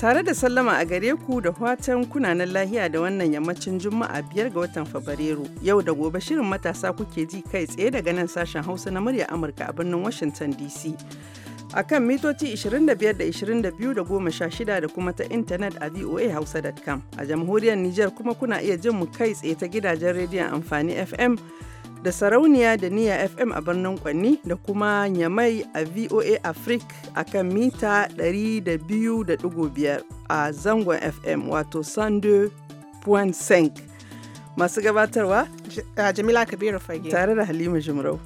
Tare da sallama a gare ku da fatan kunanan lahiya da wannan yammacin Juma'a biyar ga watan Fabrairu. Yau da gobe shirin matasa kuke ji kai tsaye daga nan sashen Hausa na murya Amurka a birnin Washington DC. A kan mitoci 25 da 22 da 16 da kuma ta intanet a voahausa.com. A jamhuriyar Nijar kuma kuna iya jin mu kai tsaye ta gidajen rediyon amfani FM. da sarauniya da niya FM a birnin Kwanni da kuma Nyamai a VOA Africa a kan mita 200.5 a zangon FM wato Sando sink Masu gabatarwa? Jamila Kabiru Fage. Tare da Halima Jumrau.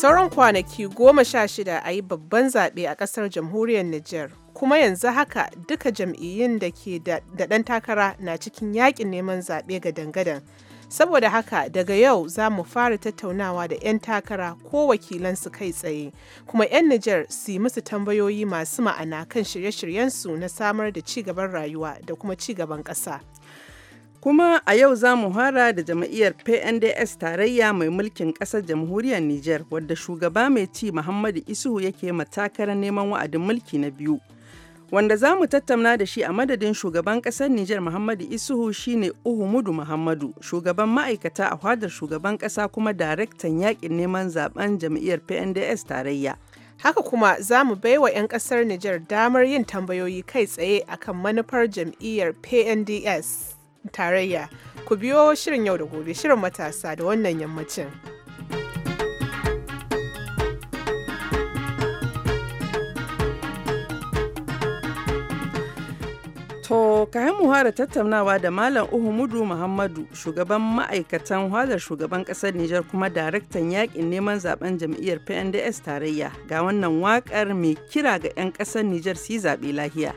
Sauran kwanaki goma sha shida a yi babban zaɓe a ƙasar jamhuriyar Nijar, kuma yanzu haka duka jam'iyyun da ke da ɗan takara na cikin yaƙin neman zaɓe ga dangadan. Saboda haka daga yau za mu fara tattaunawa da 'yan takara ko wakilansu kai tsaye, kuma 'yan Nijar su yi musu tambayoyi masu ma'ana kan shirye-shiryensu na samar da cigaban rayuwa da kuma ci gaban ƙasa. Kuma a yau za mu hara da jam'iyyar PNDS tarayya mai mulkin ƙasar jamhuriyar Nijar wadda shugaba mai ci Muhammadu Isuhu yake matakarar neman wa'adin mulki na biyu. Wanda za mu tattauna da shi a madadin shugaban ƙasar Nijar Muhammadu Isuhu shine Uhumudu Muhammadu, shugaban ma'aikata a fadar shugaban ƙasa kuma daraktan yaƙin neman zaben jam'iyyar PNDS tarayya. Haka kuma za mu bai wa 'yan ƙasar Nijar damar yin tambayoyi kai tsaye akan manufar jam'iyyar PNDS. tarayya ku biyo shirin yau da gobe shirin matasa da wannan yammacin. To, ka mu hara tattaunawa da Malam Uhumudu Muhammadu, shugaban ma'aikatan hular shugaban ƙasar Nijar kuma daraktan yakin neman zaben jam'iyyar PNDS tarayya ga wannan wakar mai kira ga 'yan ƙasar Nijar su yi zaɓe lahiya.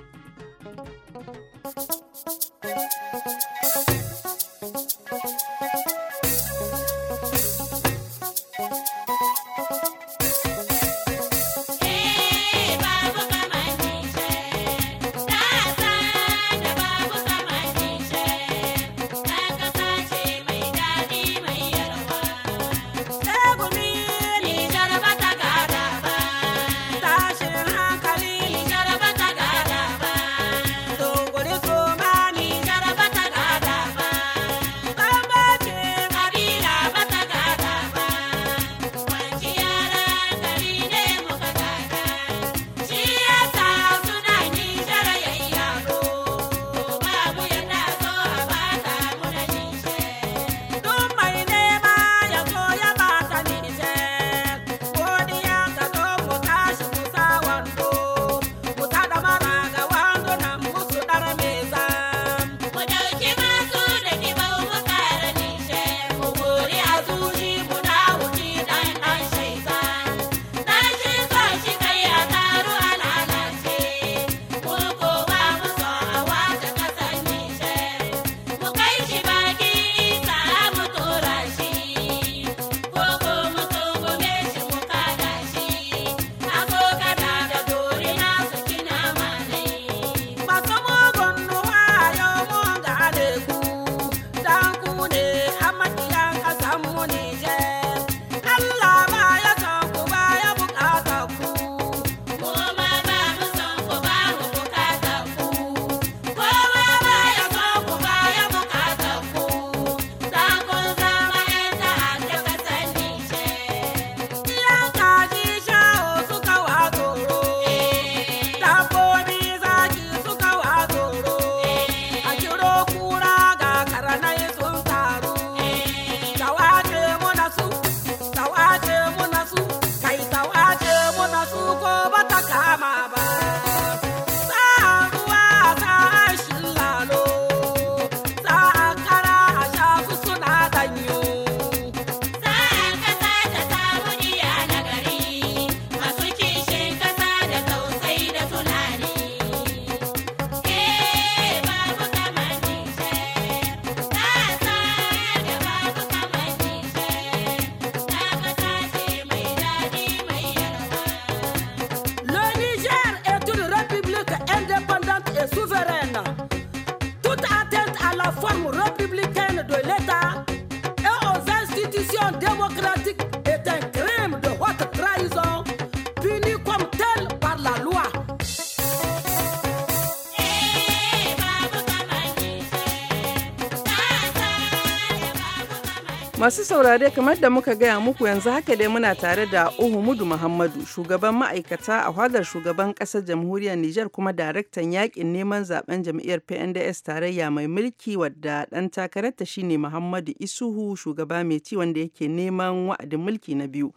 saurare kamar da muka gaya muku yanzu haka dai muna tare da Uhumudu Muhammadu shugaban ma'aikata a hadar shugaban ƙasar jamhuriyar Nijar kuma daraktan yakin neman zaben jam'iyyar PNDS tarayya mai mulki wadda dan takararta shine Muhammadu Isuhu shugaba mai ci wanda yake neman wa'adin mulki na biyu.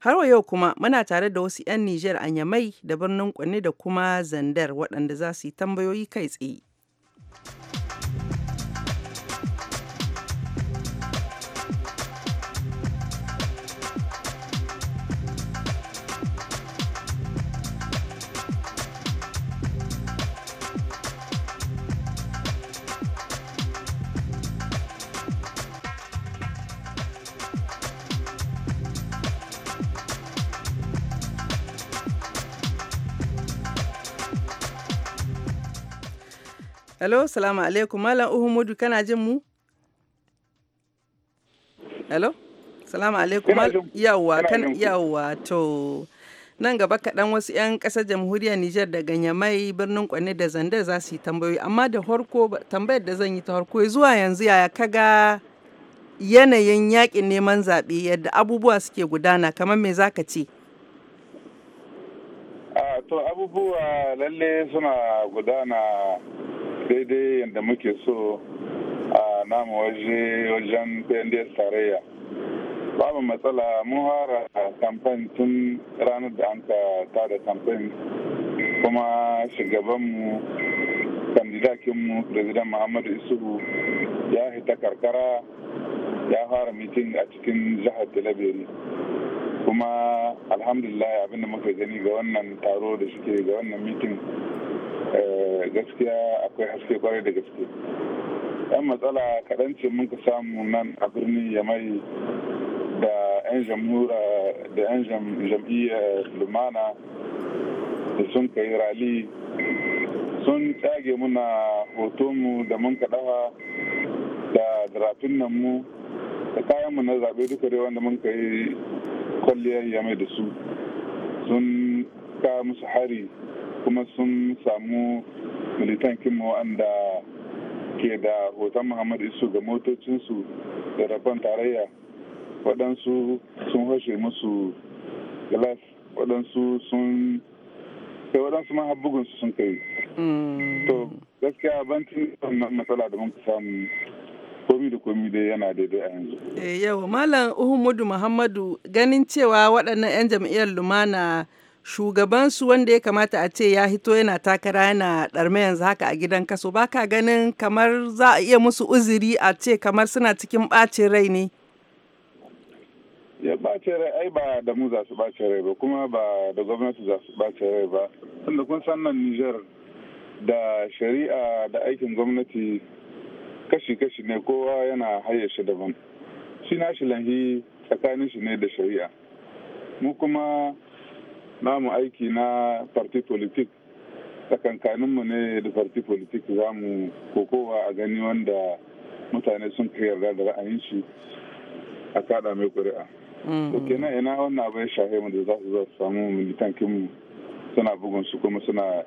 Har yau kuma muna tare da wasu 'yan Nijar a Yamai da birnin Kwanne da kuma Zandar waɗanda za su yi tambayoyi kai tsaye. Hello, salamu alaikum. Malam Uhumudu kana jin mu? Hello? Salamu alaikum. Yawwa, kan yawwa to nan gaba kaɗan wasu 'yan ƙasar jamhuriyar Nijar daga Nyamai birnin Kwane da Zandar za su yi tambayoyi. Amma da harko tambayar da zan yi ta harko zuwa yanzu yaya ka ga yanayin yaƙin neman zaɓe yadda abubuwa suke gudana kamar me za ka ce? Ah, to abubuwa lalle suna gudana daidai yadda muke so a namu waje wajen pnds tarayya babu matsala mun fara kamfen tun ranar da an ta da kamfen kuma shugabanmu kandidakinmu president muhammadu isuhu ya hita karkara ya fara mitin a cikin jihar talabiri kuma alhamdulillah abinda muka gani ga wannan taro da suke ga wannan mitin Eh, gaskiya akwai haske kwarai da gaske yan matsala kaɗan ce ka samu nan a birnin mai da 'yan jamhura da 'yan jam'iyyar lumana da sun kai rali sun tsage muna hotonmu da mun kaɗawa da zarafin nan mu da kayanmu na zaɓe duka dai wanda mun kai kwalliyar yamai da su sun ka musu hari kuma sun samu militankinmu wanda ke da hoton muhammad isu ga motocinsu da rabon tarayya waɗansu sun hoshe musu glass waɗansu sun kai waɗansu ma bugunsu sun kai mm. to gaskiya bantin wannan matsala da mun samu komi da komi dai yana daidai a yanzu. Eh, yawa malam uhumudu muhammadu ganin cewa waɗannan 'yan jam'iyyar lumana shugabansu wanda ya kamata a ce ya hito yana takara yana ɗarme yanzu haka a gidan kaso ba ka ganin kamar za a iya musu uziri a ce kamar suna cikin ɓacin rai ne ya ɓacin rai ai ba da mu za su ɓacin rai ba kuma ba da gwamnati za su ɓacin rai ba tunda kun san nan Nijar da shari'a da aikin gwamnati kashi-kashi ne kowa yana hayyace daban shi na shi lahi tsakanin shi ne da shari'a mu kuma namu aiki na party politik tsakankaninmu ne da party politik za mu kokowa a gani wanda mutane sun kai yarda da ra'ayin shi a kada mai kuri'a mm. Ok, na ina wannan abu shahe mu da za su samu militankin mu suna bugun su kuma suna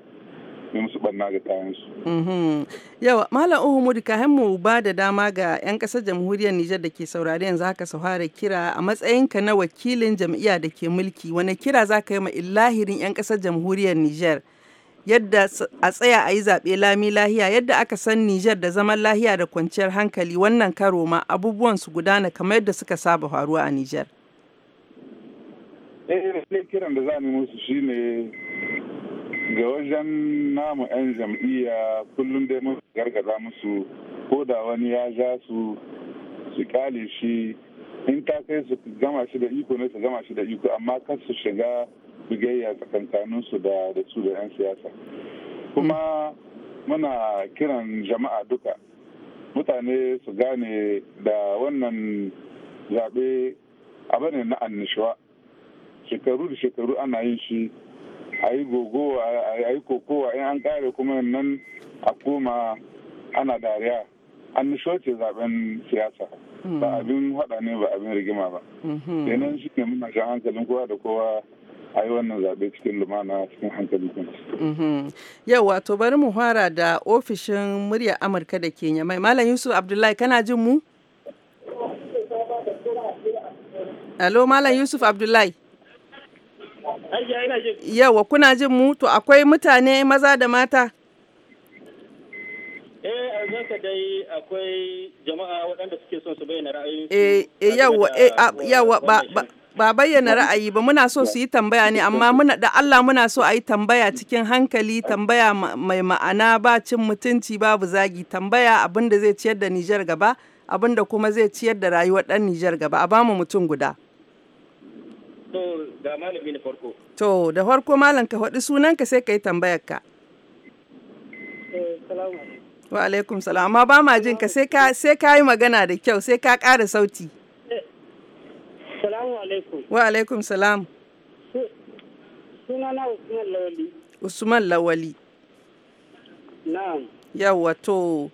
kuma su barna ga kayansu. Mhm. Yawa, Malam Uhumud, ka mu ba da dama ga 'yan ƙasar jamhuriyar Nijar da ke saurari yanzu haka su fara kira a matsayinka na wakilin jam'iyya da ke mulki, wani kira za ka yi ma illahirin 'yan ƙasar jamhuriyar Nijar? Yadda a tsaya a yi zaɓe lami lahiya, yadda aka san Nijar da zaman lahiya da kwanciyar hankali wannan karo ma abubuwan su gudana kamar yadda suka saba faruwa a Nijar. Eh, kiran da za mu musu shine ga wajen namu 'yan jam'iyya kullum dai mun gargaza musu ko da wani ya ja su su kyale shi in ta kai su gama shi da iko ne su gama shi da iko amma kan su shiga bigayya tsakankanin su da da su da 'yan siyasa kuma muna kiran jama'a duka mutane su gane da wannan zaɓe abu ne na annishuwa shekaru da shekaru ana yin shi a yi gogowa a yi kokowa in an kare kuma nan a koma ana dariya an ce zaben siyasa ba hmm. abin hada ne ba abin rigima ba kenan hmm. shi ne muna shan hankalin kowa da kowa a yi wannan zaɓe cikin lumana cikin hankali kuma. Hmm. Yau wato bari mu fara da ofishin murya Amurka da ke Nyamai. Malam Yusuf Abdullahi kana jin mu? Alo Malam Yusuf Abdullahi. Yawa kuna jin mu to akwai mutane maza da mata? Eh a zaka dai akwai jama'a bayyana ba bayyana ra'ayi ba muna so su yi tambaya ne amma muna da Allah muna so a yi tambaya cikin hankali tambaya mai ma'ana ba cin mutunci babu zagi tambaya abin da zai ciyar da Nijar gaba abin da kuma zai ciyar da rayuwar ɗan Nijar gaba a bamu mutum guda. To ga malami na farko. To da farko malam ka faɗi sunanka sai ka yi tambayar ka. Wa alaikum salam amma ba ma jin ka sai ka sai ka yi magana da kyau sai ka ƙara sauti. Salamu alaikum. Wa alaikum salam. Sunana Usman Lawali. Usman Lawali. Na'am. Yawwa to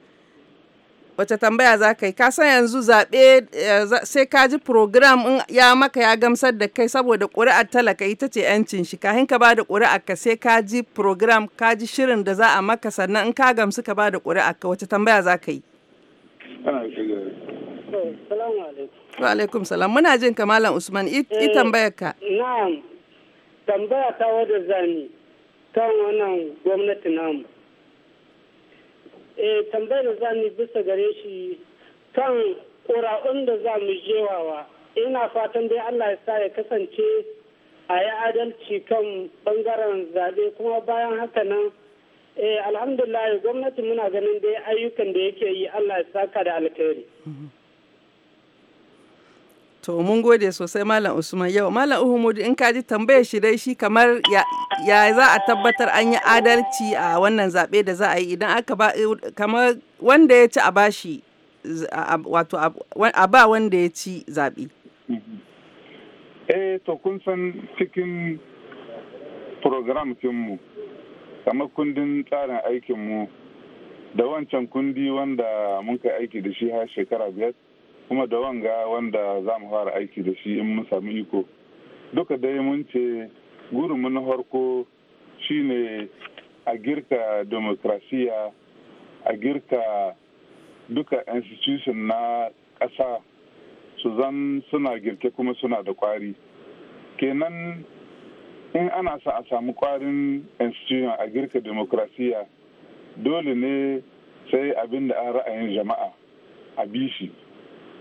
wace tambaya za ka yi ka san yanzu zaɓe eh, sai ka ji program ya maka ya gamsar da kai saboda ƙuri'ar talaka ita ce yancin shi kahin ka ba da ƙuri'ar ka sai ka ji program ka ji shirin da za a maka sannan in ka gamsu ka ba da ƙuri'ar ka wace tambaya za ka yi wa alaikum salam muna jin ka malam usman i eh, tambayar ka na'am tambaya ta wadda zani kan wannan gwamnati namu Eh, tambayar za mu bisa gare shi kan ƙura'un da za mu jewawa ina fatan dai allah ya sa ya kasance a yi adalci kan bangaren zaɓe kuma bayan haka nan eh, alhamdulillah gwamnati muna ganin dai ayyukan da yake yi allah ya saka da alkhairi mhm. To mun gode sosai Malam Usman yau. Malam Uhumudu in ka ji tambayar shi dai shi kamar ya, za a tabbatar an yi adalci a wannan zaɓe da za a yi idan aka ba kamar wanda ya ci a bashi wato a ba wanda ya ci zaɓe. Eh to kun san cikin program mu kamar kundin tsarin aikinmu da wancan kundi wanda mun kai aiki da shi har shekara biyar kuma da wanga wanda za mu fara aiki da shi in mun samu iko duka dai mun ce gurumin na farko shine a girka demokrasiya a girka duka institution na ƙasa su zan suna girke kuma suna da kwari kenan in ana sa a samu kwarin institution a girka demokrasiya dole ne sai abin da an ra'ayin jama'a a bishi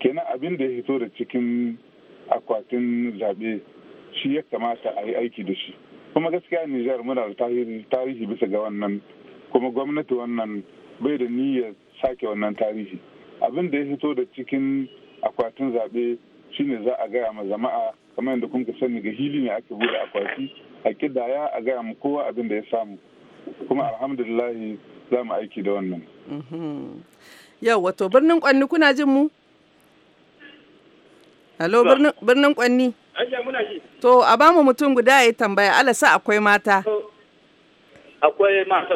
kenan abin da ya hito da cikin akwatin zaɓe shi ya kamata a yi aiki da shi kuma gaskiya nijar muna da tarihi bisa ga wannan kuma gwamnati wannan bai da niyyar sake wannan tarihi abin da ya hito da cikin akwatin zaɓe ne za a gaya ma jama'a kamar yadda kun sani ga hili ne ake bude akwati a kidaya a gaya mu kowa abin da ya samu kuma alhamdulillahi za mu aiki da wannan yau wato birnin kwanni kuna jin mu Hello birnin Kwanni. To a ba mu mutum guda ya tambaya alasa akwai mata. Akwai mata.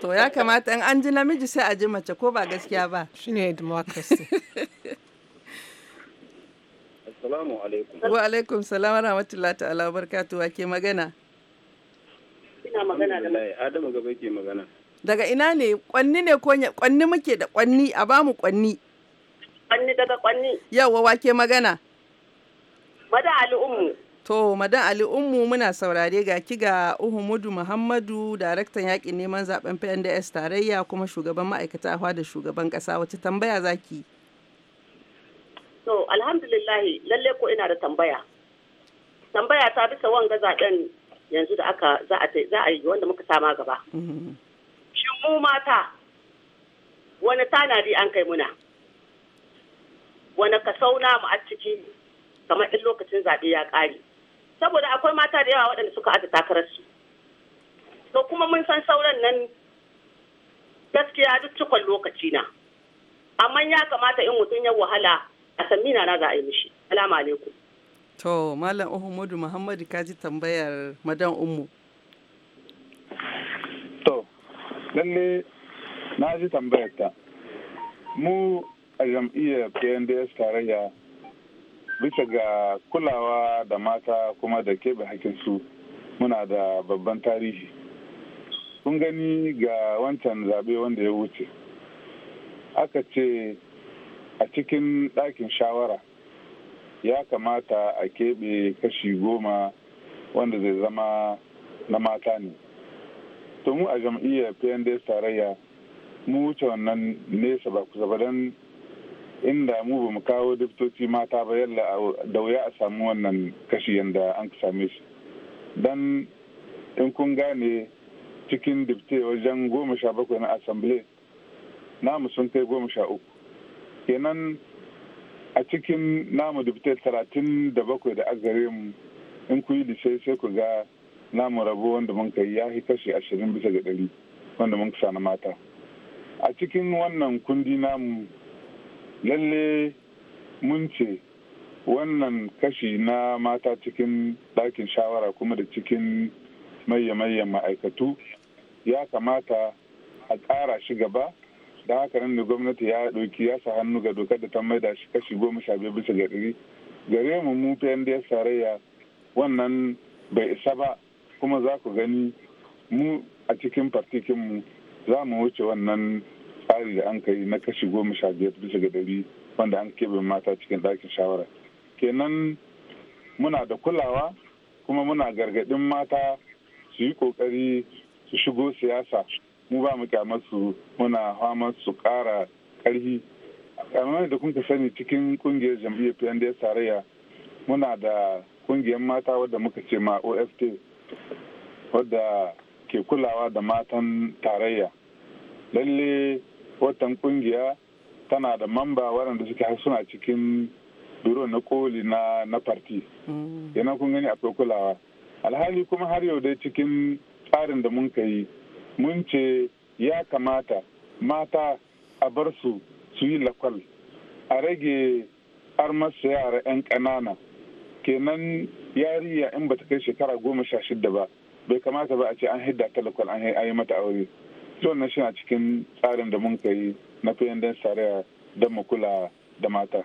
To ya kamata in an ji namiji sai a ji mace ko ba gaskiya ba. Shine democracy. Assalamu alaikum. Wa alaikum salam wa rahmatullahi ta'ala wa barakatuhu ke magana. Ina magana da Adamu gaba ke magana. Daga ina ne kwanni ne ko kwanni muke da kwanni a bamu kwanni. Kwanni daga kwanni. Yawwa wa ke magana. Madan Ali Ummu. To, Madan Ali Ummu muna saurare ga ki ga Uhumudu Muhammadu, daraktan yakin neman zaben PNDS tarayya kuma shugaban ma'aikata da shugaban kasa wace tambaya zaki? To, alhamdulillahi lalle ko ina da tambaya. Tambaya ta bisa wanga zaben yanzu da aka za a yi wanda muka sama gaba. Mhm. Shin mu mata wani tanadi an kai muna? Wani kasau namu a ciki kamar in lokacin zaɓe ya ƙare saboda akwai mata da yawa waɗanda suka aza su to kuma mun san sauran nan gaskiya duk cikon lokaci na amma ya kamata in mutum ya wahala a samina na za a yi mishi alamu alaikum to malam uhumudu muhammadu kaji tambayar madan ummu to lalle na ji tambayar ta mu a jam'iyyar pnds tarayya bisa ga kulawa da mata kuma da keɓe su muna da babban tarihi kun gani ga wancan zaɓe wanda ya wuce aka ce a cikin ɗakin shawara ya kamata a keɓe kashi goma wanda zai zama na mata ne tumu mu a jam'iyyar pnds tarayya mu wuce wannan nesa ba kusa ba don inda mu ba mu kawo daftoci mata ba yalla da wuya a samu wannan kashi yanda an same shi dan in kun gane cikin difte wajen goma sha bakwai na assembly namu sun kai goma sha uku kenan a cikin namu difte talatin da bakwai da agare mu in kun yi dishe sai ku ga namu rabo wanda mun kai ya yi kashi ashirin bisa ga ɗari wanda mun kusa na mata a cikin wannan kundi namu lalle mun ce wannan kashi na mata cikin ɗakin shawara kuma da cikin maye-maye ma'aikatu ya kamata a ƙara shi gaba da haka nan da gwamnati ya ɗauki ya sa hannu ga dokar da ta maida shi kashi goma sha biyu bisa gari gare mu mu PNDS tarayya wannan bai isa ba kuma za ku gani mu a cikin mu za mu wuce wannan tsari da an kai na kashi goma sha biyar bisa ga dari wanda an keɓe mata cikin ɗakin shawara kenan muna da kulawa kuma muna gargaɗin mata su yi ƙoƙari su shigo siyasa mu ba mu kyamarsu muna famar su ƙara ƙarfi kamar da kun sani cikin ƙungiyar jam'iyyar pnds tarayya muna da ƙungiyar mata wadda muka ce ma oft wadda ke kulawa da matan tarayya lalle watan kungiya tana da mamba waɗanda suke har suna cikin biro na koli na na parti yana mm. kun gani akwai kulawa alhali kuma har yau dai cikin tsarin da mun yi mun ce ya kamata mata a bar su su yi lakwal a rage armasa yara 'yan ƙanana kenan yariya in ba ta kai shekara goma sha shida ba bai kamata ba a ce an hidda ta lakwal an yi mata aure don na shi a cikin tsarin da mun kai na fayyandon shari'a don mu kula da mata.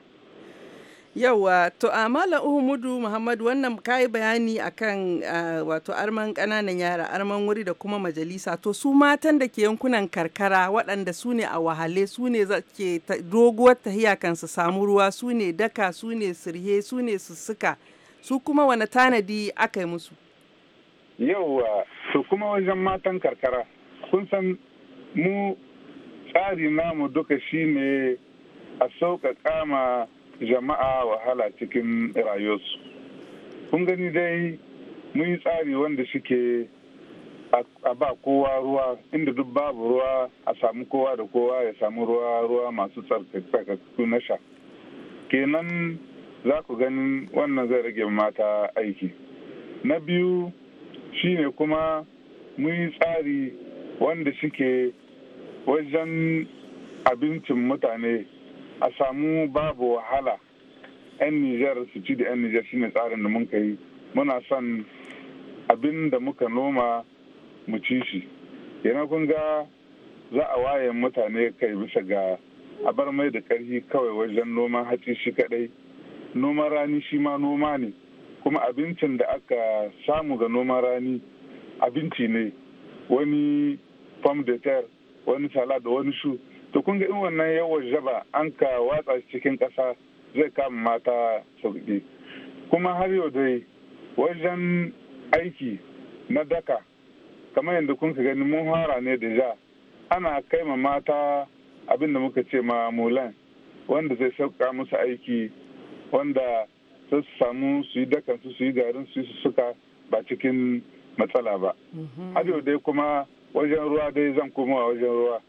Yawwa, to a Malam Uhumudu Muhammad wannan kayi bayani akan wato arman ƙananan yara, arman wuri da kuma majalisa. To su matan da ke yankunan karkara waɗanda su ne a wahale, su ne ke doguwar tahiya kan su samu ruwa, su ne daka, su ne sirhe, su ne sussuka. Su kuma wani tanadi aka yi musu? Yawwa, su kuma wajen matan karkara. kun san mu tsari namu duka shi ne a sauƙaƙa ma jama'a wahala cikin rayuwarsu kun gani dai mun yi tsari wanda ke a ba kowa ruwa inda duk babu ruwa a samu kowa da kowa ya samu ruwa ruwa masu tsarkakakku na sha kenan za ku ganin wannan zai rage mata aiki na biyu shine kuma mun yi tsari wanda suke wajen abincin mutane a samu babu wahala 'yan nijar su ci da 'yan nijar shine tsarin da mun yi muna son abin da muka noma mu ci shi yana kun ga za a waye mutane kai bisa ga a bar mai da ƙarfi kawai wajen noman hatsi shi kadai noman rani shi ma noma ne kuma abincin da aka samu ga noman rani abinci ne wani fam de terre wani salad wani shu to kun ga in wannan yawan jaba an ka watsa cikin ƙasa zai kama mata sauki. kuma har yau dai wajen aiki na daka kamar yadda kun ka gani mun ne da ja ana kai ma mata abin da muka ce ma mulan wanda zai sauƙa musu aiki wanda su samu su yi dakansu su yi garin su yi su suka ba cikin matsala ba hajjo mhm. dai kuma wajen ruwa dai zan koma wajen ruwa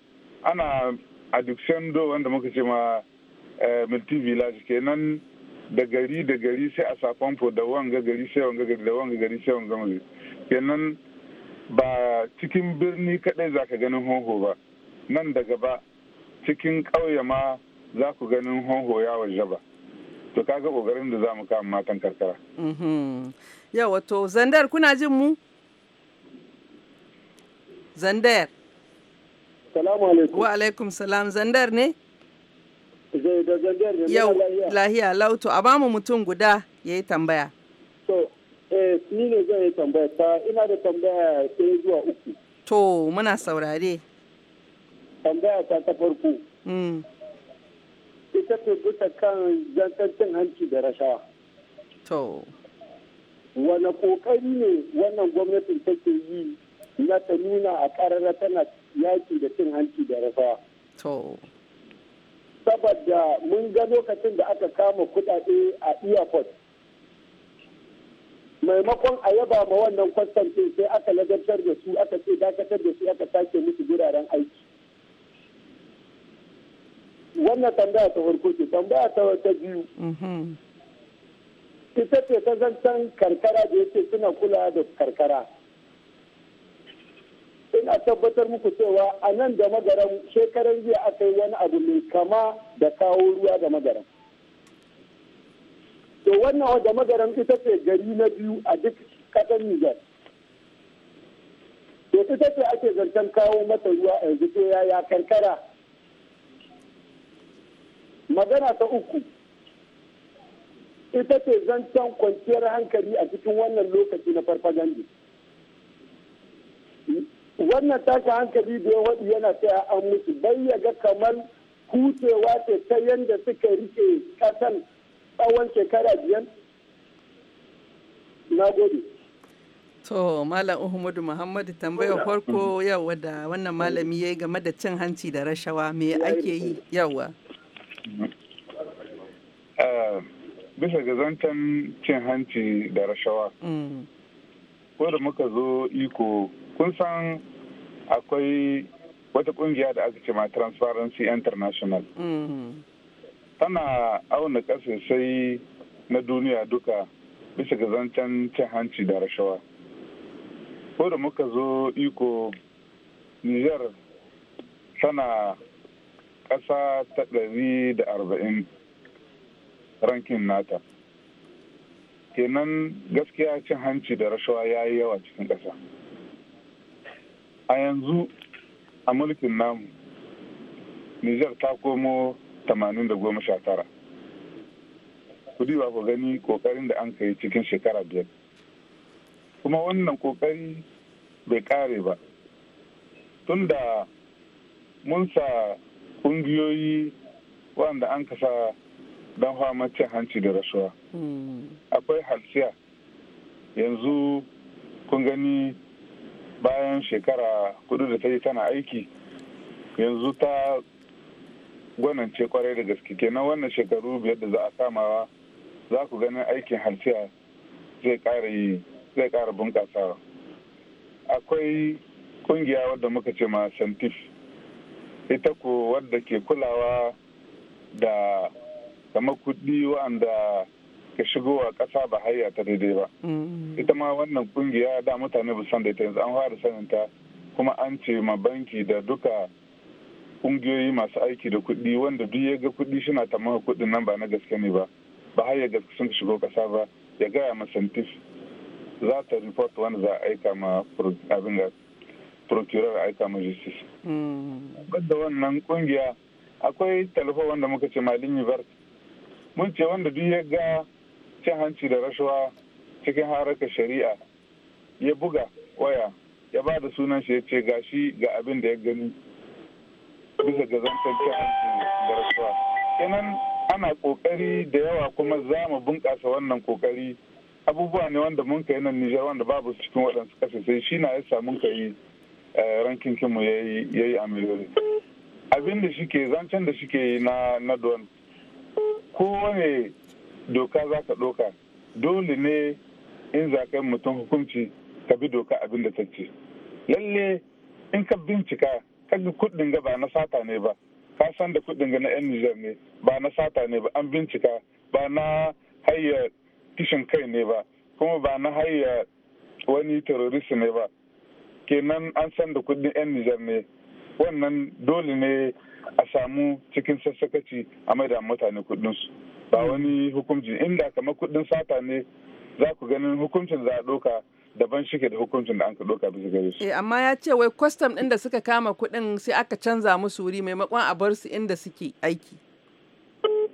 ana a duk do wanda muka ce ma eh, multi village kenan da gari da gari sai a sa famfo da wanga gari sai wanga gari da wanga gari sai wanga gari kenan ba cikin birni kadai za ka ganin honho ba nan daga gaba cikin ƙauye ma za ku ganin honho ya waje ba to kaga ƙoƙarin da za mu kama matan karkara. Mhm. Yau wato zandar kuna jin mu? Zandar. Salamu alaikum. Wa alaikum salam Zandar ne? Zai da Zandar ne. Yau lahiya lautu a bamu mutum guda ya yi tambaya. To, eh, ni ne zan yi tambaya ta ina da tambaya sai zuwa uku. To, muna saurare. Tambaya ta ta farko. Mm. Ita ce bisa kan cin hanci da rashawa. To. Wane kokari ne wannan gwamnatin take yi za ta nuna a ƙarara tana yaki da cin hanci da To. Saboda mun ga lokacin da aka kama kuɗaɗe a airport. Maimakon a yaba ma wannan kwastan ce sai aka lagantar da su aka ce dakatar da su aka sake musu guraren aiki. Wannan tambaya ta farko ce, tambaya ta biyu. Mm-hmm. ita ce ta zancen karkara da yake suna kula da karkara ina tabbatar muku cewa a nan da magaran shekaran jiya aka yi wani abu mai kama da kawo ruwa da magaran to wannan da magaran ita ce gari na biyu a duk ƙasar nijar to ita ce ake zancen kawo mata ruwa a yanzu ya ya karkara magana ta uku ita ce zancen kwanciyar hankali a cikin wannan lokaci na farfagandi wannan taka hankali da yawan yana ta an mutu bai ya ga kamar hutewa ce ta yadda suka rike kasan tsawon shekara biyan na gode To Malam Uhumudu Muhammadu tambayar farko yawa da wannan malami ya yi game da cin hanci da rashawa me ake yi yawa. Ah, bisa ga zancen cin hanci da rashawa. Mm. Ko da muka zo iko kun san akwai wata kungiya da aka ce ma transparency international mm-hmm. tana auna kasashe na duniya duka bisa ga zancen cin hanci da rashawa ko da muka zo iko niger tana ƙasa ta ɗari da arba'in rankin nata kenan gaskiya cin hanci da rashawa ya yi yawa cikin ƙasa a yanzu a mulkin namu nijar ta komo tara kudi ba ku gani kokarin da an kai cikin shekara biyar kuma wannan kokari bai kare ba tunda mun sa kungiyoyi wanda an kasa don fama cin hanci da rasuwa hmm. akwai halsiya yanzu kun gani bayan shekara kudu da ta yi tana aiki yanzu ta gwanance kwarai da gaske kenan wannan shekaru biyar da za a samawa za ku ganin aikin halsiya zai ƙara yi zai ƙara bunƙasawa akwai kungiya wadda muka ce ma santif ita ko wadda ke kulawa da kama kuɗi wa'anda shigo shigowa ƙasa ba hayya ta daidai ba mm-hmm. ita ma wannan kungiya da mutane ba san da ita yanzu an fara sanin ta kuma an ce ma banki da duka kungiyoyi masu aiki da kuɗi wanda duk ya ga kuɗi suna tamaka kuɗin nan ba na gaske ne ba ba hayya gaske sun shigo ƙasa ba ya gaya ma santif za ta report wanda za a aika ma abin da procurer aika ma justice. Mm-hmm. da wannan kungiya akwai talfa wanda muka ce malin yubert mun ce wanda duk ya ga cin hanci da rashawa cikin harakar shari'a ya buga waya ya ba da sunan shi ya ce gashi ga abin da ya gani bisa ga zancen cin hanci da rashawa kenan ana kokari da yawa kuma za mu bunƙasa wannan kokari abubuwa ne wanda mun kai nan Nijar wanda babu cikin waɗansu sai shi na yasa mun kai eh, rankin kinmu ya yi a miliyoyi abin da shi ke zancen da shi ke yi na don kowane doka za ka ɗoka dole ne in za ka yi mutum hukunci ka bi doka abin da ta ce lalle in ka bincika ka ga kuɗin ga ba na sata ne ba ka san da kuɗin ga na yan nijar ne ba na sata ne ba an bincika ba na hayya kishin kai ne ba kuma ba na hayya wani terrorist ne ba kenan an san da kuɗin yan nijar ne wannan dole ne a samu cikin sassakaci a maida mutane kuɗinsu. ba mm. wani hukunci inda kamar kuɗin sata ne za ku ganin hukuncin za a doka daban shike da hukuncin da an ka ɗauka bisa gare shi. Eh, amma ya ce wai kwastam ɗin da suka kama kuɗin sai aka canza musu wuri maimakon a bar su inda suke aiki.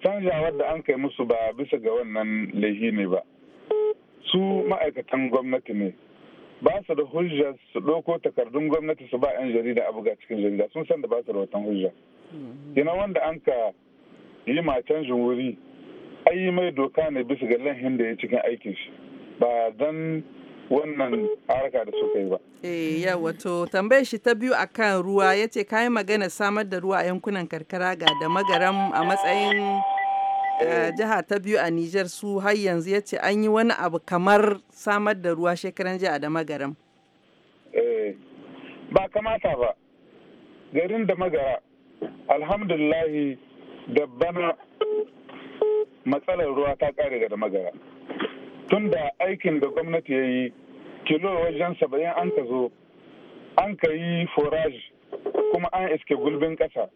canjawar da an kai musu ba bisa ga wannan laifi ne ba su ma'aikatan gwamnati ne ba su da hujja su ɗauko takardun gwamnati su ba 'yan jarida a buga cikin jarida sun san da ba su da watan hujja yana mm. wanda an ka yi ma canjin wuri yi mai doka ne bisa ga lahin da ya cikin aikin shi ba dan wannan harka da suka yi ba. Eh ya wato tambayar shi ta biyu akan ruwa ya ce kayi magana samar da ruwa a yankunan karkara ga da magaram a matsayin eh, jiha ta biyu a Nijar su har yanzu ya ce an yi wani abu kamar samar da ruwa shekaran jiya da magaram. Eh, ba kamata ba garin da magara alhamdulahi da bana matsalar ruwa ta kare da magara tun da aikin da gwamnati ya yi kilo wajen saba'in an ka zo an ka yi forage kuma an iske gulbin ƙasa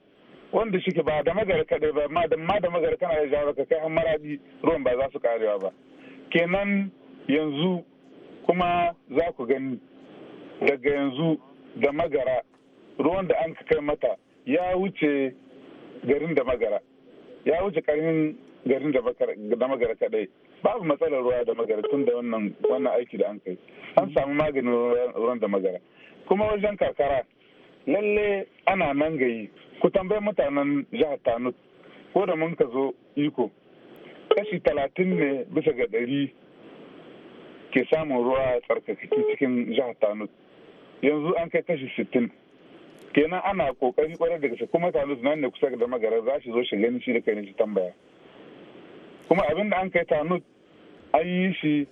wanda shi ba da magara kaɗai ba ma da ma da magara kana ya jawo ka kai an maradi ruwan ba za su karewa ba kenan yanzu kuma za ku gani daga yanzu da magara ruwan da an ka kai mata ya wuce garin da magara ya wuce karin garin da magara kadai babu matsalar ruwa da magara tun da wannan wannan aiki da an kai an samu maganin ruwan da magara kuma wajen kakara lalle ana nan gayi ku tambayi mutanen jihar tanut ko da mun ka zo iko kashi talatin ne bisa ga ɗari ke samun ruwa tsarkakaki cikin jihar tanu yanzu an kai kashi sittin kenan ana kokari kwarar da gaske kuma tanut nan ne kusa da magara za shi zo shi gani shi da kai shi tambaya kuma abin da an kai tanut an yi shi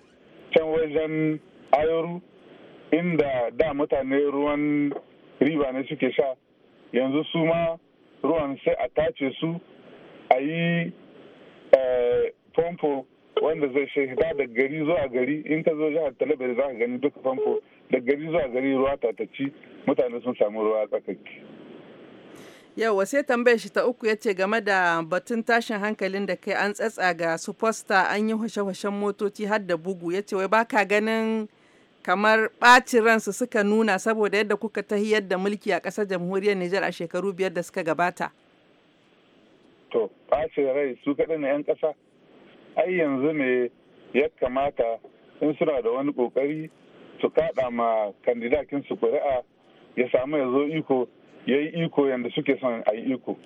can wajen ayoru inda da mutane ruwan riba ne suke sha yanzu su ma ruwan sai a tace su a yi eh, famfo wanda zai shaida da gari zuwa gari in ka zo jihar talabar za ka gani duka famfo da gari zuwa gari ruwa tatacci mutane sun samu ruwa tsakaki Yau sai tambayar shi ta uku ya ce game da batun tashin hankalin da kai an tsatsa ga su fosta an yi hwashe-hwashen motoci har da bugu ya ce wai baka ganin kamar ɓacin ransu suka nuna saboda yadda kuka tahiyar da mulki a ƙasar jamhuriyar Nijar a shekaru biyar da suka gabata. To, ɓacin rai su kaɗan na 'yan ƙasa, ai yanzu ne ya kamata in suna da wani ƙoƙari su kaɗa ma kandidakin su ƙuri'a ya samu ya zo iko ya yi iko yadda suke son a yi iko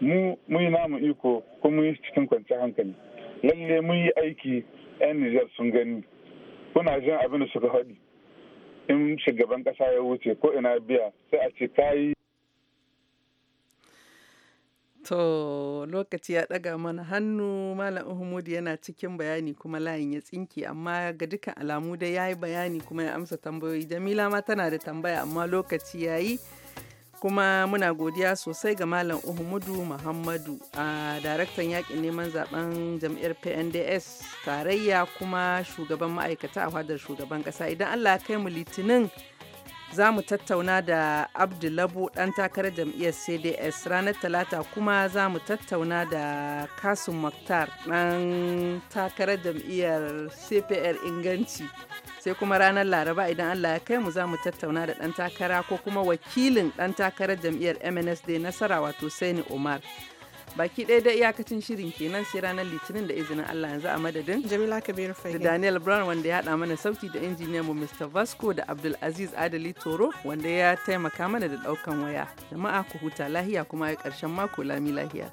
mu muyi yi namu iko kuma mu yi cikin kwanci hankali lalle mun yi aiki 'yan nijar sun gani kuna jin abin da suka haɗi in shugaban ƙasa ya wuce ko ina biya sai a ce kayi To lokaci ya ɗaga mana hannu Malam Uhumudu yana cikin bayani kuma layin ya tsinke amma ga dukkan alamu dai ya yi bayani kuma ya amsa tambayoyi Jamila ma tana da tambaya amma lokaci ya yi. kuma muna godiya sosai ga malam uhmudu muhammadu a daraktan yakin neman zaben jam'iyyar pnds tarayya kuma shugaban ma'aikata a fadar shugaban kasa idan allah kai mu litinin za mu tattauna da abdulabu dan takarar jam'iyyar cds ranar talata kuma za mu tattauna da Kasim maktar dan takarar jam'iyyar cpr inganci sai kuma ranar laraba idan allah ya kai mu za mu tattauna da ɗan takara ko kuma wakilin ɗan takarar jam'iyyar mnsd nasara wato saini Omar. baki ɗaya da iyakacin shirin kenan sai ranar litinin da izinin Allah yanzu a madadin Jamila Kabiru da Daniel Brown wanda ya haɗa mana sauti da injiniyan mu Mr. Vasco da Abdul Aziz Adali Toro wanda ya taimaka mana da ɗaukan waya jama'a ku huta lahiya kuma a ƙarshen mako lami lahiya.